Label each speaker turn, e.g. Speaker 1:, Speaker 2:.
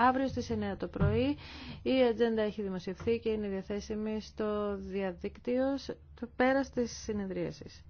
Speaker 1: Αύριο στις 9 το πρωί η ατζέντα έχει δημοσιευθεί και είναι διαθέσιμη στο διαδίκτυο πέρα της συνεδρίασης.